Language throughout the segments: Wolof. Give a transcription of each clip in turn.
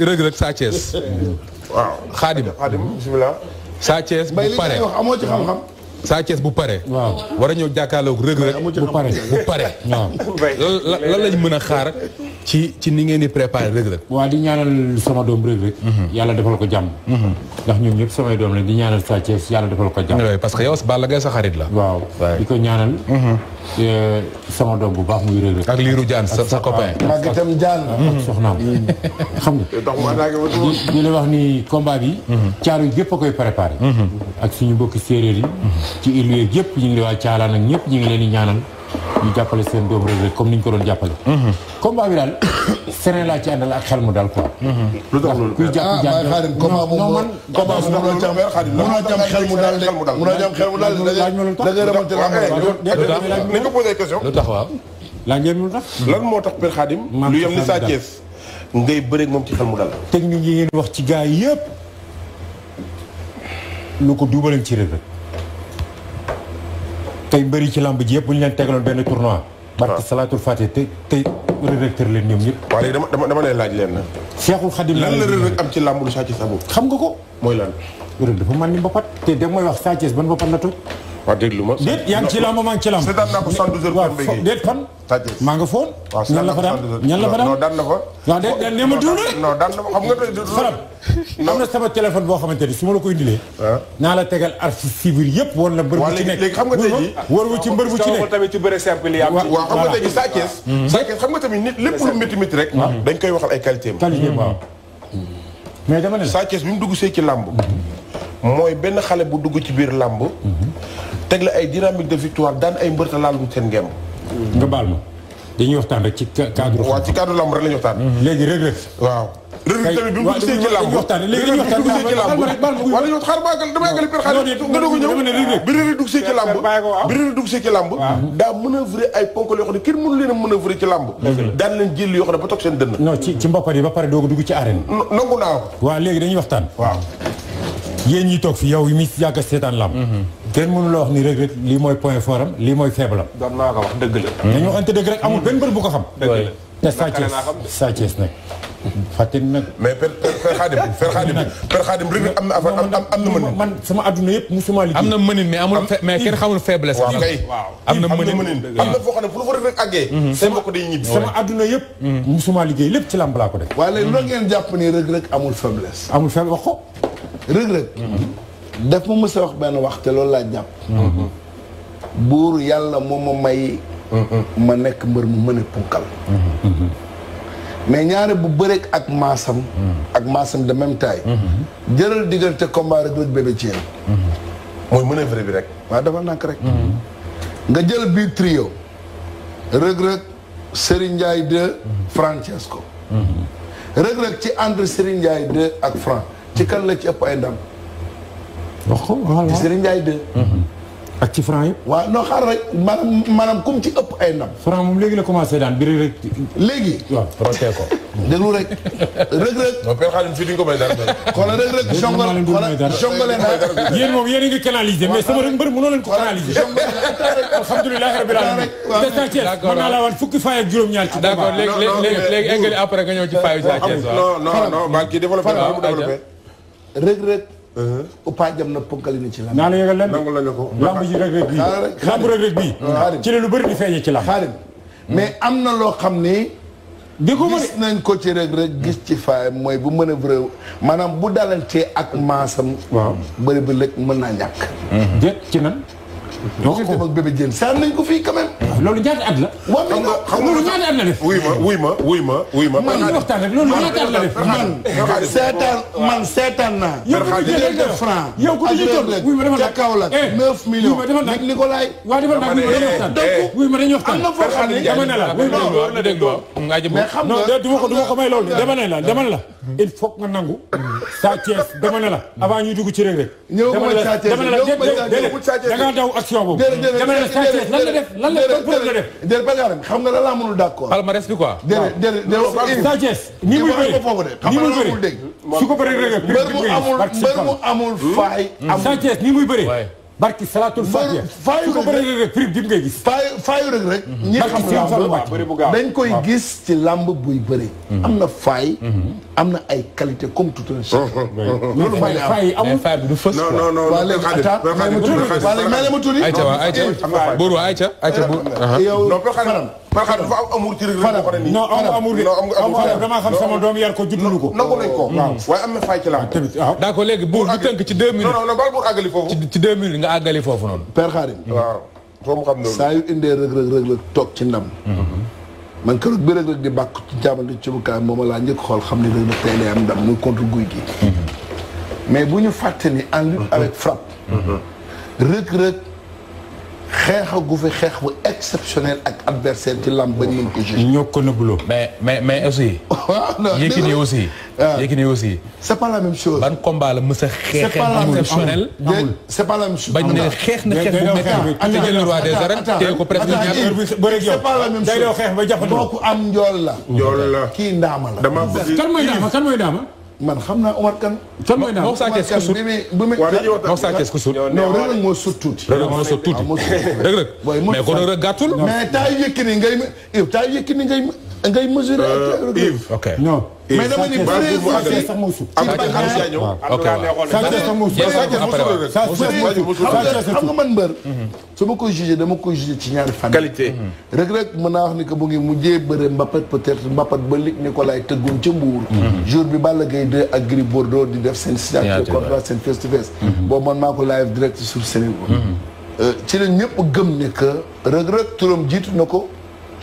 Reug Reug Sa Thiès. waaw xaadim xaadim bisimilah. Sa Thiès bu pare wax amoo ci xam-xam. bu pare. waaw war ñëw jàkkaarloog Reug Reug bu pare bu pare. waaw lan lañ mën a xaar. ci ci ni ngeen di préparé Reug Reug waaw di ñaanal sama doom Reug Reug mhm. yàlla defal ko jàmm mhm. ndax ñoom ñëpp samay doom la di ñaanal Sa Thiès yàlla defal ko jàmm parce que yow Balla Gaye sa xarit la waaw di ko ñaanal mhm. eh, sama doom bu baax muy Reug Reug ak Lirou Diane sa copain ak itam Diane ak xam nga di wax ni combat bi caaro yi gépp a koy préparé ak suñu mbokki séeréer yi ci ilu yeeg yëpp ñu ngi li waa caalaan ñu ngi leen ñaanal ñu jàppale seen doom Reug Reug ko doon jàppale. Mhm. combat bi daal sereen laa ci àndal ak xel mu daal quoi. Mhm. lu tax loolu kuy jàpp ah, jàpp la eh, tax lan moo tax Père Khadim. lu yem ni Sa Thiès ngay bëreeg moom ci xel mu daal. technique yi ngeen wax ci gars yëpp lu ko duubaleñ ci Reug tey bëri ci lamb ji yëpp bu ñu leen tegaloon benn tournoi. barke ah. salaatul fatiha te tey rédacteur leen ñoom ñëpp. waaw léegi dama dama dama lay laaj leen na. Seexul Xadim lan la rëdd am ci lamb saa Sa Thiès xam nga ko mooy lan. rëdd dafa mën ni mbapat te dem mooy wax Sa Thiès ban mbapat na toj. waaw déglu ma. déet yaa ngi ci làmb maa ngi ci làmb. seetaan naa ko 72 heures. waaw déet fan. Tadjé maa nga foon. waaw seetaan naa ko 72 heures waaw non daan na fa. waaw déet déet nee ma tuuru de. non daan na fa xam nga tey du. faram am na sama téléphone boo xamante ni su ma la ko indilee. waaw ah. naa la tegal archives civils yëpp woon la mbër bu ci nekk. waaw léegi xam nga tey jii. war wu ci mbër bu ci nekk tamit ci bëre simple yi. waaw waaw xam nga tey jii Sa Thiès. Sa Thiès xam nga tamit nit lépp lu métti métti rek. dañ koy waxal ay qualité am. qualité waaw hmm. mais dama ne Sa Thiès bi mu dugg see ci làmb mooy benn xale bu dugg ci biir làmb teg la ay dynamique de victoire daan ay mbërta bu seen ngemb nga baal ma dañuy waxtaan rek ci cadre waaw ci cadre làmb la ñuy waxtaan mm-hmm. léegi Reug bi mu gisee ci làmb léegi dañuy ci làmb wala ñoo xaar baagal dama yàggali per xaar a ñëw bi Reug Reug dugg see ci làmb bi Reug Reug dugg see ci làmb daa manœuvrer ay ponkal yoo xam kenn mënu leen a manœuvrer ci làmb daan leen jël yoo xam ne ba toog seen dënn non ci ci mboppat yi ba pare doog a dugg ci arène nangu naa ko waaw léegi dañuy waxtaan waaw yéen ñi toog fi yow yi muy yàgg a seetaan lam kenn mënu wax ni rek lii mooy point fort am lii mooy faible am. doon naa ko wax dëgg la. dañoo benn bu ko xam. dëgg la te Sa Thiès nag. fàtte nag. mais per xaadim per xaadim per am na affaire am na mënin. man sama adduna yëpp musuma liggéey. am na mënin mais amul mais kenn xamul faiblesse. waaw kay am na mënin am na foo xam ne fu fa rek àggee. Mm-hmm. Mm-hmm. lépp ci làmb laa ko def. waaye léegi loo ngeen jàpp ni rek amul faiblesse. amul faiblesse wax ko. rëg-rëg daf ma mës benn wax te loolu laa jàpp yàlla moo ma may ma nekk mbër mu mën a punkal ñaare bu bëreek ak maasam ak de même taille jëlal diggante combat rek rek ci yéen mooy mën a vrai bi rek rek nga jël biir trio rëg Francesco rëg-rëg ci entre Serigne Ndiaye ak Franc ci kan la ci ëpp ay ndam. wax ko waaw ci Serigne Ndiaye 2. Mm-hmm. ak ci franc yëpp. waaw non xaaral rek maanaam maanaam kum ci ëpp ay ndam. franc moom léegi la commencé daan biri rek. léegi. waaw rootee ko. déglu rek. rëg rëg. non Père Khadim fii di nga ko may dara. xoolal rëg rëg jongo jongole na. yéen moom yéen a ngi canaliser mais sama mbër mënoo leen ko canaliser. alhamdulilah rabbil alamin. d'accord mën naa laa wan fukki faay ak juróom-ñaar ci. d'accord léegi léegi léegi après nga ñëw ci faayu Sa Thiès. non non non maa ngi développé rëg-rëg. Upa uh-huh. jam na ponkali ni ci lamb. naa la yëgal lenn nangu lañu ko. lamb ji rëg-rëg bii lamb rëg bii. ci la lu hmm. mais am na loo xam ni. di ko gis nañ ko ci rëg gis ci faay mooy bu mën a bëre maanaam bu dalantee ak maasam. waaw bëri bi lëkk mën naa ñàkk. ci nan. wax ko ak bébé jën saan nañ ko fii quand loolu ñaata at la. xam nga xam nga loolu ñaata at la def. wuy ma wuy ma wuy ma wuy ma. man ñu waxtaan rek loolu ñaata at la def. man seetaan man seetaan naa. millions de francs. yow ku ñu jot wuy ma ca Kaolack. 9 eh, millions nag Nicolas. waaw defal naa wuy ma dañuy waxtaan. donc eh. wuy ma dañuy waxtaan. am na foo xam ne dama ne la wuy ma war na dégg loo. mais xam nga non du ma ko du ma ko may loolu dama ne la dama ne la. il faut nga nangu. Sa Thiès dama ne la avant ñuy dugg ci rek rek. ñëw ma Sa Thiès dama ne la dama ne la déedéet da nga daw action boobu. dama ne la Sa Thiès lan la def lan la pour nga def déedéet Pape Alé xam nga la laa mënul d'accord palmarès bi quoi déedéet déedéet Sa Thiès ni muy bëri ni muy bëri su ko bëri rek mbër mu amul hmm? faay hmm. amul Sa Thiès ni muy bëri barki salaatul faatiha faayu ko bëri rek prix bi ngay gis faayu faayu rek rek hmm. ñi xam làmb dañ koy gis ci làmb buy bëri am na faay am na ay qualité comme tout un chacun. loolu mooy fay amul fay bi du fës quoi. non non non waaw léegi atta may ma tuuti waaw léegi may la ma tuuti. ayca waaw ayca buuru ayca ayca buuru. yow Fadam. Fadam dafa am amour ci rek. Fadam non am amour de. am amour dama xam sama doom yar ko juddulu ko. nangu nañ ko waaye am na fay ci la. Ah, tamit waaw ah. d'accord léegi buur du tënk ci deux minutes. non non bal buur àggali foofu. ci deux minutes nga àggali foofu noonu. Père Khadim. waaw foo mu xam loolu. saa yu indee rëg rëg rëg toog ci ndam. Mhm. man keroog bi rek rek di bàkk ci jaaban ci cibukaay mooma laa njëkk xool xam ne rek rek tey lay am ndam muy contre guy gi mhm. mais bu ñu fàtte ni en lutte mhm. avec frappe mhm. rëg rëg xeexagu fi xeex bu exceptionnel ak adversaire ci làmb ba ñu mën ko juge. ñoo ko nëbbuloo. mais mais mais aussi. waaw Yékini aussi. waaw ah. Yékini aussi. c'est pas la même chose. ban combat la mës a xeex. c'est pas la même chose c'est pas la même chose. bañ ne xeex na xeex bu métti. te jël roi des arènes tee ko presque ñaar bëre c'est pas la même chose day doo xeex ba jàpp boo ko am njool la. njool la kii ndaama la. dama bëgg kan mooy ndaama kan mooy ndaama. man xam naa Omar Kane. fan mooy naan Omar Kane bi muy bi muy. waaw dañuy waxtaan ku sut. non Reug Reug moo sut tuuti. Reug Reug moo sut tuuti ah, Reug Reug. mais kon Reug Reug gàttul. mais taa Yékini ngay taa Yékini ngay ngay mesurer. Euh, Yves ok non. mais dama ni bëri bu àggale ak ak Amsa ñëw. ok waaw man mbër. su ma koy jugé dama koy jugé ci ñaari fan. qualité. rek rek mën naa wax ni que mu ngi mujjee bëre mbapat peut-être mbapat ba lig Nicolas tëggoon ca Mbour. Mhm. jour bi Balla Gaye 2 ak Bordeaux di def seen. signature contrat seen face ko live direct sur Sénégal. Mhm. Euh, ci la ñëpp gëm ne que rek rek turam jiitu na ko.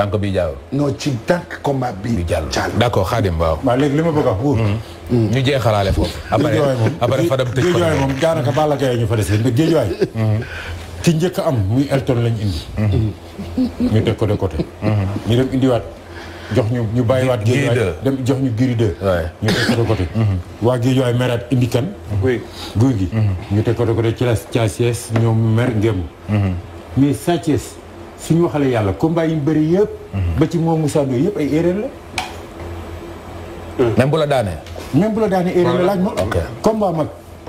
tànk bi jaaw non ci tànk combat bi jàll d'accord Khadim waaw waaw léegi li ma bëgg a pour mm-hmm. mm-hmm. ñu jeexalaale foofu géejuwaay moom après fa dem tëj géejuwaay moom daanaka Balla Gaye ñu fa dese ndax géejuwaay mm-hmm. ci njëkk am muy Elton lañ indi ñu teg ko de côté ñu dem indiwaat jox ñu ñu bàyyiwaat géejuwaay dem jox ñu giri deux ñu teg ko de côté waa géejuwaay meraat indi kan guy gi ñu teg ko de côté ci la Thiès ñoom mer ngem mais Sa suñu waxalee yàlla combat yi bëri yëpp. Mhm. ba ci moom Moussa Ndoye yëpp ay erreur la. même bu la daanee. même bu la daanee la laaj ma. ok combat mag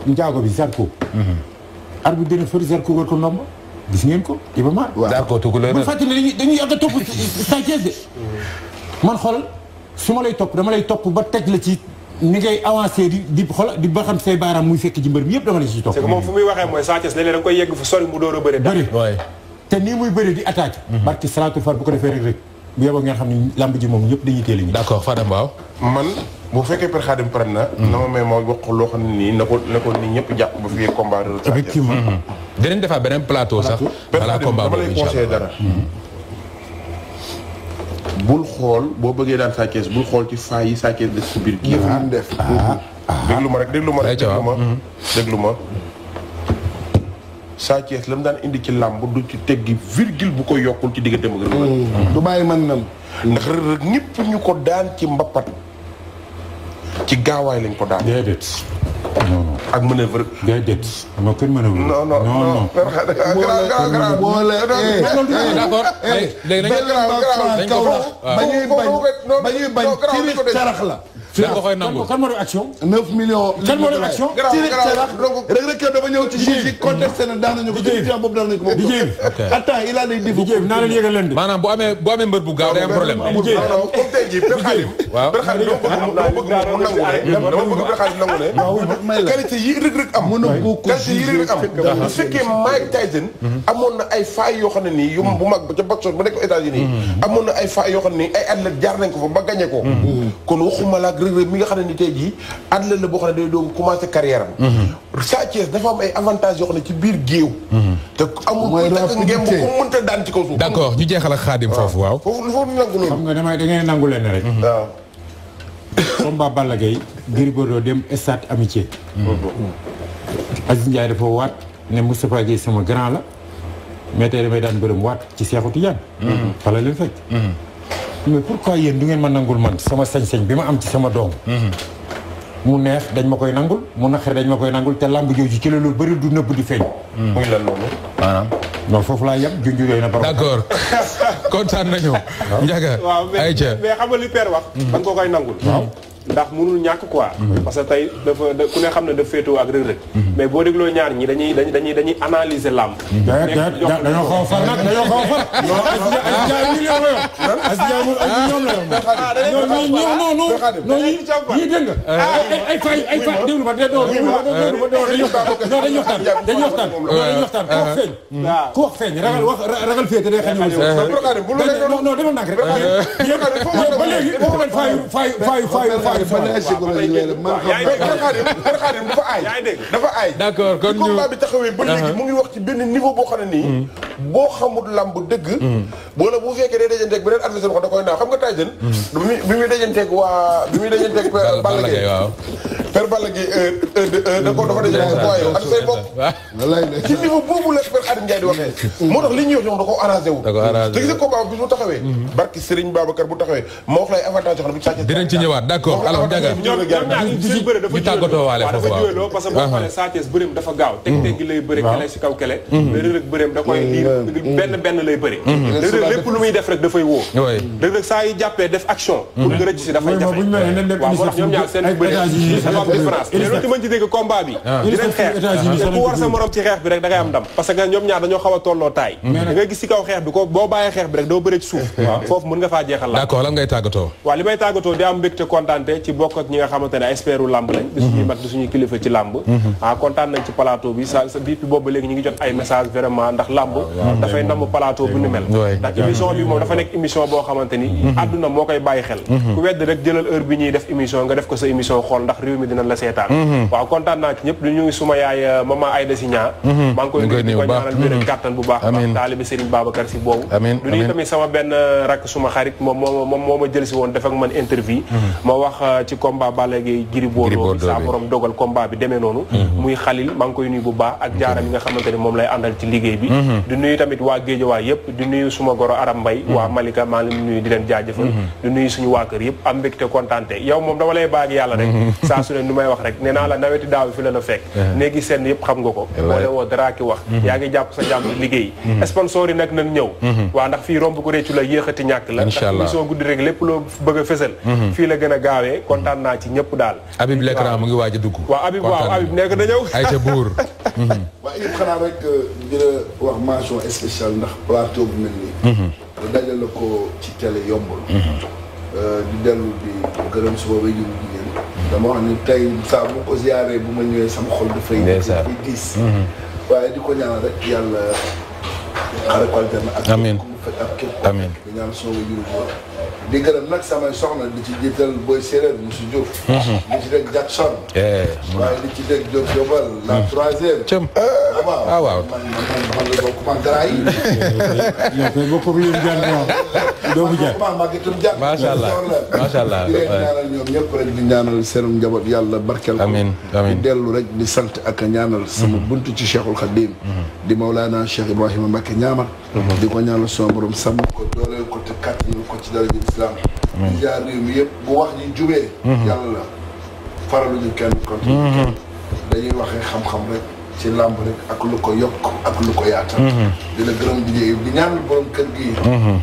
njaago bi Zarko. Mhm. arbitre bi dina fëri Zarko war ngeen ko Iba Mar. waaw Zarko tukuloo bu fàttali dañuy dañuy a topp Sa Thiès de. man xool su ma lay topp dama lay topp ba teg la ci. ni ngay avancé di di xola di ba xam say baaraam muy fekk ci mbër mi yëpp dama la ci topp. moom fu muy waxee mooy Sa Thiès léeg koy yegg fu sori mu door bëri te nii muy bëri di attaque mhm. barki salaatul far bu ko defee rek rek bu yeboo ngeen xam ne lamb ji moom ñëpp dañuy teel a ñu. d'accord Fadam waaw. man bu fekkee per xaadim pare na. Mhm. na ma may ma wax loo xam ne nii na ko na ko nii ñëpp jàpp ba fi combat. effectivement mhm. dinañ defaat beneen plateau sax. balaa combat boobu dama dara. bul xool boo bëggee daan Sa Thiès bul xool ci faa yi Sa Thiès def si biir kii. Ah, def ah, ah. déglu ma rek déglu ma rek déglu ma déglu ma. Sa Thiès la daan indi ci làmb du ci teggi virgule bu ko yokkul ci diggante mu du bàyyi man nam ndax ñu ko daan ci mbappat ci gaawaay lañ ko daan déedéet ak manœuvre déedéet ama kenn manœuvre non non non d'accord léegi dañ ko bañuy bañ ci carax la fii nga koy nangu kan moo doon action. 9 millions. kan moo doon action. rek rek dafa ñëw ci juge yi contesté na daan nañu ko ci biir boobu daan nañu ko. Dijé attends il a des difficultés. naa leen yëgal leen di. maanaam bu amee bu amee mbër bu gaaw day am problème. Dijé waaw comme tey jii Père Khadim. waaw Père Khadim dama bëgg dama bëgg mu nangu ne. dama bëgg Père Khadim nangu ne. waaw may la qualité yi Reug Reug am. mën na ko ko qualité yi Reug Reug am. bu fekkee Mike Tyson. amoon na ay failles yoo xam ne nii yu bu mag ba ca boxeur ba nekk États-Unis hmm. amoon na ay failles yoo xam ne nii ay athlètes jaar nañ ko fa ba gagné ko hmm. kon waxuma la privé mi nga xam ne ni tey jii athlète la boo xam ne day doon carrière am mhm. Sa Thiès dafa am ay avantages yoo ci biir géew mhm. te amul takk ngeen bu ko mënta daan ci kaw suuf d'accord ñu jeexal ak xaadim foofu waaw foofu foofu nangu loolu xam nga damay da ngay nangu leen rek mhm. waaw combat Balla Gaye Gris Bordeaux dem stade amitié Aziz Ndiaye dafa waat ne Moustapha Gueye sama grand la mais tey damay daan bërëm waat ci Cheikhou Tidiane fa la leen fekk mais pourquoi du ngeen ma nangul man sama sañ-sañ bi ma am ci sama doom. Mm-hmm. mu neex dañ ma koy nangul mu naqare dañ ma koy nangul te làmb jooju ci la loolu bari du nëbb di feeñ. Mm-hmm. muy la loolu. maanaam. non foofu laa yem junj yooyu na borom. d'accord kontaan nañu. waaw njaga. ayca mais xam nga li wax. ban mm-hmm. koo koy nangul. waaw. ndax mënul ñàkk quoi mhm. parce que tey dafa ku ne xam ne daf féetoo ak Reug Reug mhm. mais boo dégloo ñaar ñi dañuy dañuy dañuy analyser làmb mhm. dañoo xaw far nag fay ah, ah, fay ah. dañuy waxtaan dañuy waxtaan dañuy waxtaan ku wax feeñ ku wax feeñ ragal wax ragal féete day xañ non non demal nag rek ba léegi waxu leen faayu faayu xaadim man ay psychologie lay def man xam man xaadim dafa aay dafa aay d'accord kon ñu uh-huh. mu ngi wax ci benn niveau boo xam ne nii hmm. boo xamul lamb dëgg hmm. wala bu fekkee day dajanteeg beneen adversaire hmm. bi muy dajanteeg waa bi muy dajanteeg boobu la per Xaadim Njaay di waxee moo tax li ñuy wax ñoom da ko arrangé wu te gis nga combat bi bu taxawee barki Serigne Babacar bu taxawee ma wax ne bu ci ñëwaat d'accord alors Ndiaga ñu tàggatoo ngay a gis si kaw xeex bi ko boo bàyyee xeex bi rek doo bëre suuf. foofu mën nga faa jeexal la. d'accord lan ngay tàggatoo. waaw li may tàggatoo di am mbégte kontaan kontaante ci bokk ak ñi nga xamante ne làmb lañ di suñuy mag di suñuy kilifa ci làmb mhm. ah kontaan nañ ci plateau bi sa depuis boobu léegi ñu ngi jot ay message vraiment ndax làmb ah, dafay namm plateau bu ni mel ndax émission bi moom dafa nekk émission boo xamante ni mhm. àdduna moo koy bàyyi xel mhm. ku wedd rek jëlal heure bi ñuy def émission nga def ko sa émission xool ndax réew mi dinañ la seetaan waaw kontaan naa ci ñëpp du ñu suma yaay euh, maman Aïda si ñaa bu baax baax taalibi Serigne Babacar si boobu du euh, moo ma jël si woon man interview ma Euh, ci combat Balla Gaye Gris Bordeaux saa borom dogal combat bi demee noonu mhm. muy xalil maa ngi koy nuyu bu baax ak jaaram yi nga xamante ni moom lay àndal ci liggéey bi mhm. di nuyu tamit waa Géejawaay yëpp di nuyu suma goro Aram Mbay mhm. waa Malika maa ngi nuyu di leen jaajëfal di nuyu suñu waa kër yëpp am eh. nga ko eh, boole woo daraa wax yaa ngi jàpp sa jàmm liggéey sponsor yi nag nañ ñëw waa ndax fii romb ko réccu la yéexati ñàkk la ndax mission guddi rek lépp loo a a waaye kontaan naa ci ñëpp daal. Habib Lekran mu ngi waaj a dugg. waaw Habib waaw Habib nekk na ñëw. ay ca buur. waaye yëpp xanaa rek euh, di la wax mention spéciale mhm. ko ci télé yombul. Mhm. Euh, di dellu di gërëm suba ma ñëwee sama xol dafay. ndeysaan dafay diis. Mhm. waaye di ko rek yàlla. amiin xaaral ko aljanna ak képp ñaan suba ba jiwu di gërëm nag samay soxna di ci jiital booy séeréer monsieur Diouf. Mhm. di ci dégg Jackson. Eh, waaye di ci dégg Diop Diobal. la mhm. troisième. cëm ah, ah waaw man man man bokkuma grand yi. yow kay bokkul yow Diagne waaw. doo bu Diagne man màggatum Diagne. macha allah macha allah di leen ñaanal ñoom ñëpp rek di ñaanal seen njaboot yàlla barkeel ko. amiin amiin di dellu rek di sant ak ñaanal. sama mhm. buntu ci Cheikhul Khadim. di Mawlana Cheikh Ibrahima Mbacke ñaama. di ko ñaanal sama borom sàmm ko doole. te kàttan ko ci dara ji islam di jaar réew mi yëpp bu wax ji jubee mhm. yàlla la faraluñu kenn contre mhm. kenn dañuy waxee xam-xam rek ci làmb rek ak lu ko yokk ak lu ko yaatal mhm. di la gërëm di jéegi di ñaan borom kër gi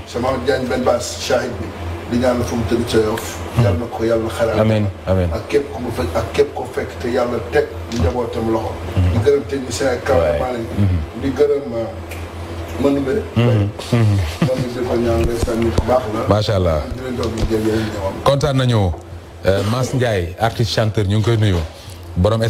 sama jaañ benn baas shahid bi di ñaan fu mu tëdd ca Yoff yàlla na ko yàlla xalaat amiin amiin ak képp ku mu fekk ak képp ko fekk te yàlla teg njabootam loxo di gërëm te ñu seen kaw maa leen di gërëm euh, mën mhm. Mhm. na bëri. moom macha allah kontaan nañu euh, Mass Ndiaye artiste chanteur ñu ngi koy nuyu borom.